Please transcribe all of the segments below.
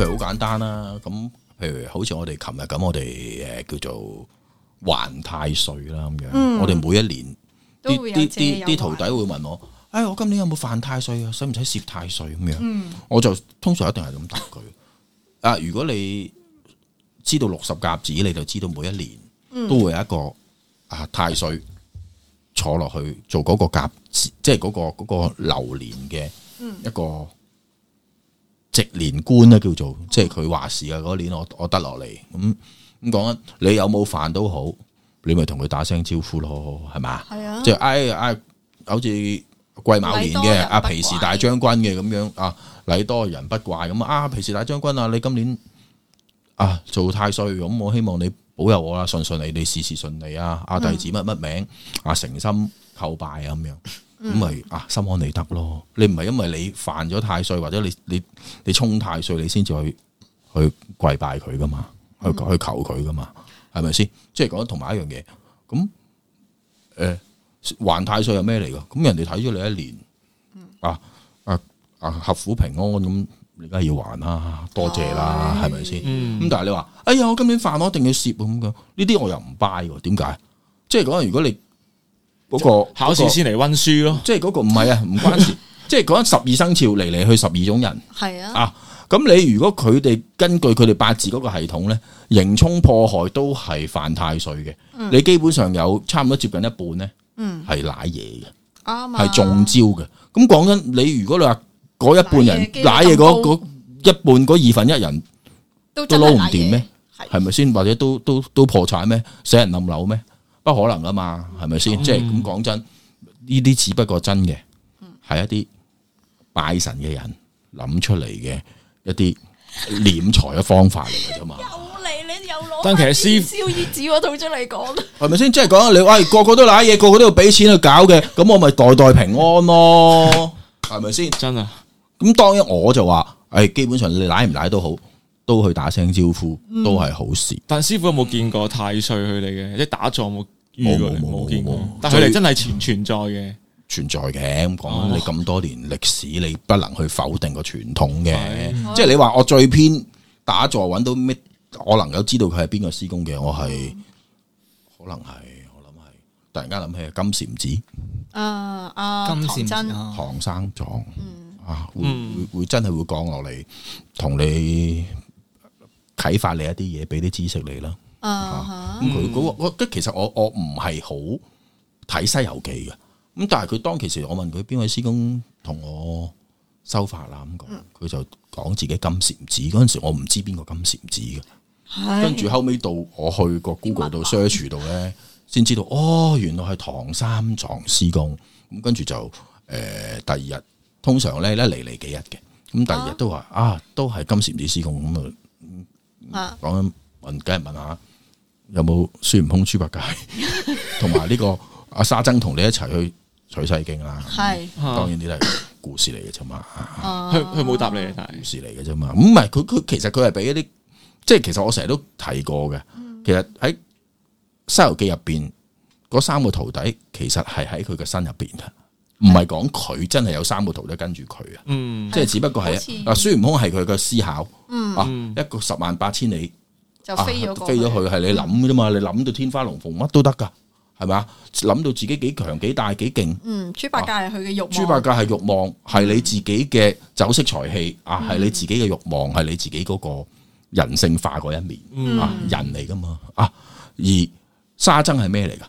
譬如好簡單啦，咁譬如好似我哋琴日咁，我哋誒叫做還太歲啦咁樣。嗯、我哋每一年啲啲啲徒弟會問我，哎，我今年有冇犯太歲啊？使唔使攝太歲咁樣？嗯、我就通常一定係咁答佢。 啊，如果你知道六十甲子，你就知道每一年都會有一個、嗯、啊太歲坐落去做嗰個甲，即係嗰、那個、那個流年嘅一個。嗯嗯直連官咧叫做，即係佢話事嘅嗰年我，我我得落嚟咁咁講啊！你有冇煩都好，你咪同佢打聲招呼咯，係咪？係啊，即係哎哎，好似癸卯年嘅阿皮時大將軍嘅咁樣啊，禮多人不怪咁啊！皮時、啊啊、大將軍啊，你今年啊做太歲咁、嗯，我希望你保佑我啦，順順利你事事順利啊！阿、啊、弟子乜乜名？阿、啊、誠心叩拜咁、啊、樣。.咁咪、嗯、啊，心安理得咯！你唔係因為你犯咗太歲，或者你你你，你沖太歲，你先至去去跪拜佢噶嘛？去、嗯、去求佢噶嘛？係咪先？即係講同埋一樣嘢。咁誒、呃，還太歲係咩嚟噶？咁人哋睇咗你一年，嗯、啊啊啊，合府平安咁，你梗係要還啦，多謝啦，係咪先？咁、嗯、但係你話，哎呀，我今年犯我，一定要蝕咁嘅呢啲，我又唔拜喎？點解？即係講如果你。嗰、那個考試先嚟溫書咯，即係嗰個唔係啊，唔、那個啊、關事。 即係講緊十二生肖嚟嚟去，十二種人係啊。啊，咁你如果佢哋根據佢哋八字嗰個系統咧，刑沖破害都係犯太歲嘅。嗯、你基本上有差唔多接近一半咧，嗯，係瀨嘢嘅，係中招嘅。咁講緊你，如果你話嗰一半人瀨嘢嗰一半嗰二分一人都撈唔掂？咩？係咪先？或者都都都破產咩？死人冧樓咩？不可能噶嘛，係咪先？嗯、即係咁講真，呢啲只不過真嘅，係一啲拜神嘅人諗出嚟嘅一啲斂財嘅方法嚟噶啫嘛。 又嚟你又攞，但其實燒紙我吐出嚟講，係咪先？即係講你，喂、哎，個個都要攋嘢，個個都要俾錢去搞嘅，咁我咪代代平安咯，係咪先？真啊的！咁當然我就話，誒、哎，基本上你攋唔攋都好。都去打聲招呼，嗯、都係好事。但師傅有冇見過太歲佢哋嘅？嗯、即打坐冇？冇冇冇冇。但係佢哋真係存存在嘅，存在嘅。咁講你咁多年歷史，你不能去否定個傳統嘅。啊、是即係你話我最偏打坐揾到咩？我能夠知道佢係邊個施工嘅？我係、嗯、可能係，我諗係突然間諗起金蟬子啊啊！金蟬啊唐真唐三藏、啊？啊，會會、嗯啊、會，會真係會降落嚟同你。啟發你一啲嘢，俾啲知識你啦。咁佢嗰個我其實我我唔係好睇《西遊記》嘅。咁但係佢當其時我問佢邊位師公同我收法啦，咁佢、uh huh. 就講自己金蟬子。嗰陣時我唔知邊個金蟬子嘅。跟住、uh huh. 後尾到我去個 Google 度 search 到咧麼，先知道哦，原來係唐三藏師公。咁跟住就誒、呃、第二日，通常咧一嚟嚟幾日嘅。咁第二日都話啊，都係金蟬子師公。咁、嗯、啊。嗯嗯講緊，梗係、啊、問，問下有冇孫悟空界、豬八戒，同埋呢個阿沙僧同你一齊去取西經啦。係、嗯，是當然呢都係故事嚟嘅啫嘛。佢佢冇答你，啊、故事嚟嘅啫嘛。唔、嗯、係，佢佢其實佢係俾一啲，即、就、係、是、其實我成日都提過嘅。嗯、其實喺《西遊記》入邊嗰三個徒弟，其實係喺佢嘅身入邊。唔係講佢真係有三個徒弟跟住佢啊，嗯、即係只不過係啊，孫、嗯、悟空係佢嘅思考、嗯、啊，一個十萬八千里就飛咗飛咗去，係、啊、你諗嘅啫嘛，嗯、你諗到天花龍鳳乜都得噶，係咪啊？諗到自己幾強幾大幾勁，嗯，豬八戒係佢嘅欲望，豬八戒係欲望，係、嗯、你自己嘅酒色財氣啊，係你自己嘅欲望，係你自己嗰個人性化嗰一面、嗯、啊，人嚟噶嘛啊，而沙僧係咩嚟噶？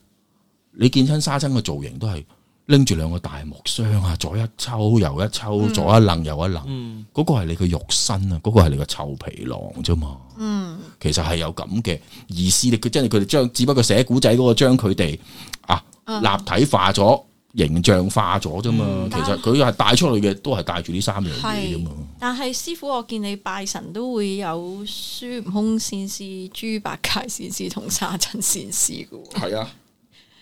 你見親沙僧嘅造型都係。拎住兩個大木箱啊，左一抽，右一抽，左一愣，右一愣，嗰、嗯、個係你個肉身啊，嗰、那個係你個臭皮囊啫嘛。嗯、其實係有咁嘅意思，你佢真係佢哋將，只不過寫古仔嗰個將佢哋啊立體化咗、形象化咗啫嘛。嗯、其實佢係帶出去嘅，都係帶住呢三樣嘢嘅。但係師傅，我見你拜神都會有孫悟空先師、豬八戒先師同沙僧先師嘅。係啊是的。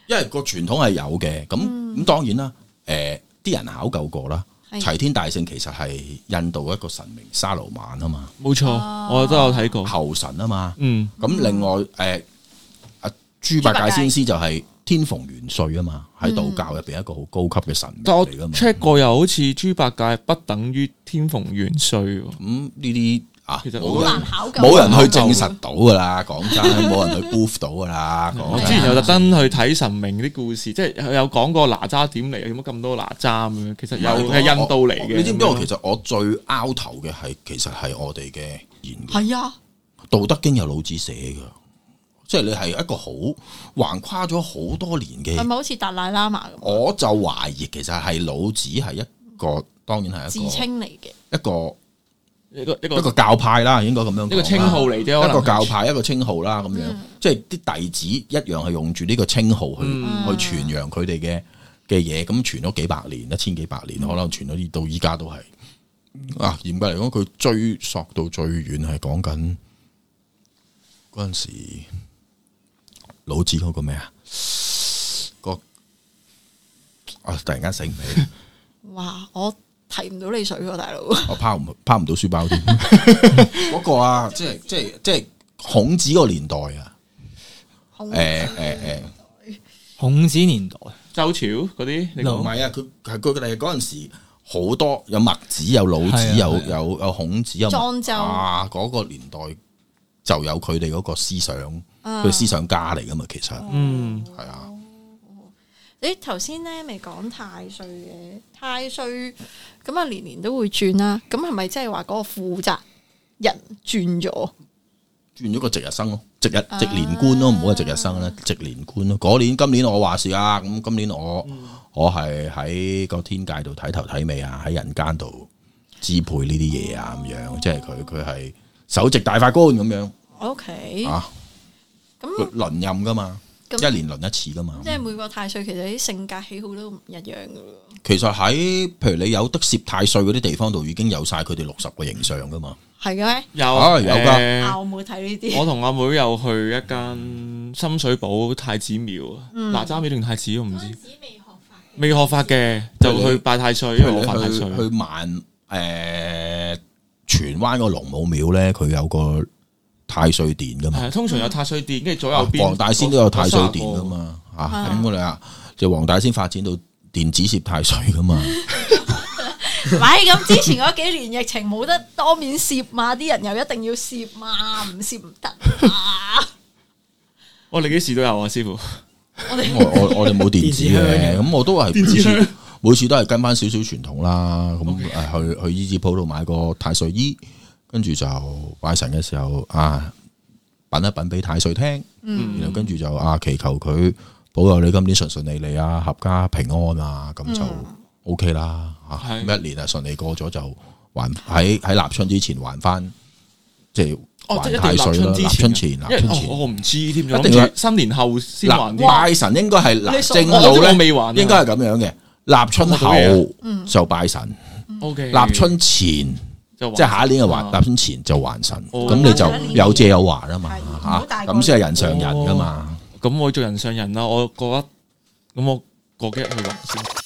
因為個傳統係有嘅，咁咁當然啦。誒、呃，啲人考究過啦，齊的天大聖其實係印度一個神明沙羅曼啊嘛。冇錯，我都有睇過猴神啊嘛。嗯，咁另外誒，阿豬八戒先師就係天蓬元帥啊嘛，喺道教入邊一個好高級嘅神嚟噶嘛。check、嗯、過又好似豬八戒不等於天蓬元帥，咁呢啲。其實冇人冇人去證實到噶啦，講真，冇人去 prove 到噶啦。講之前有特登去睇神明啲故事，即係有講過哪吒點嚟，點解咁多哪吒咁樣？其實又係印度嚟嘅。你知唔知？我其實我最拗頭嘅係，其實係我哋嘅言語。係啊，《道德經》由老子寫噶，即係你係一個好橫跨咗好多年嘅，係咪好似達賴喇嘛咁？我就懷疑，其實係老子係一個，當然係一個自稱嚟嘅一個。一個一個教派啦，應該咁樣講，一個稱號嚟啫，可能一個教派一個稱號啦，咁樣的即係啲弟子一樣係用住呢個稱號去去傳揚佢哋嘅嘅嘢，咁傳咗幾百年，一千幾百年，嗯、可能傳咗到依家都係啊，嚴格嚟講，佢追溯到最遠係講緊嗰陣時老子嗰個咩啊、嗰個啊突然間醒唔起 哇我。睇唔到你水喎，大佬！我拋唔拋唔到書包添。嗰 個啊，即係即係，即係即係即係孔子個年代啊。誒誒誒，孔子年代，周朝嗰啲。你唔係啊，佢係佢哋嗰陣時好多有墨子，有老子，啊、有有有孔子。有莊周啊，嗰、嗰個年代就有佢哋嗰個思想，佢、啊、思想家嚟噶嘛，其實嗯係啊。誒，頭先咧咪講太歲嘅太歲，咁啊年年都會轉啦。咁係咪即係話嗰個負責人轉咗？轉咗個值日生咯，值日值年官咯，唔好係值日生啦，值年官咯。嗰年今年我話事啊，咁今年我、嗯、我係喺個天界度睇頭睇尾啊，喺人間度支配呢啲嘢啊，咁樣、哦、即係佢佢係首席大法官咁樣。哦、o、okay, K 啊，咁輪那任噶嘛。一年輪一次噶嘛？即係每個太歲其實啲性格喜好都唔一樣噶。其實喺譬如你有得攝太歲嗰啲地方度，已經有晒佢哋六十個形象噶嘛？係嘅咩？有有噶。我冇睇呢啲。我同阿妹又去一間深水埗太子廟，嗱，哪吒廟定太子我唔知。未學法，未學法嘅就去拜太歲，因為我拜太歲。去萬誒荃灣個龍母廟咧，佢有個。太歲殿㗎嘛？通常有太歲殿，跟住左右邊、那個。黃大仙都有太歲殿㗎嘛？吓咁我哋啊，就是、黃大仙發展到電子攝太歲㗎嘛？ 喂，咁之前嗰幾年疫情冇得多面攝嘛，啲人又一定要攝嘛，唔攝唔得啊！ 我哋幾時都有啊，師傅。我哋們 我我哋冇電子嘅，咁我都係電子，每次都係跟返少少傳統啦。咁誒 Okay.，去去衣紙鋪度買個太歲衣。跟住就拜神嘅時候啊，稟一稟俾太歲聽，然後跟住就啊祈求佢保佑你今年順順利利啊，合家平安啊，咁就 O K 啦，吓，咁一年啊順利過咗就還喺喺立春之前還返，即係還太歲啦，哦，即係一定立春之前，因為哦我唔知添，一定三年後先還。拜神應該係正路都未還，應該係咁樣嘅，立春後就拜神，O K，立春前。即係下一年就還，入先、啊、前就還神，咁、哦、你就有借有還的啊嘛吓，咁先係人上人噶嘛。咁、哦、我做人上人啦，我覺得，咁我過幾日去還先。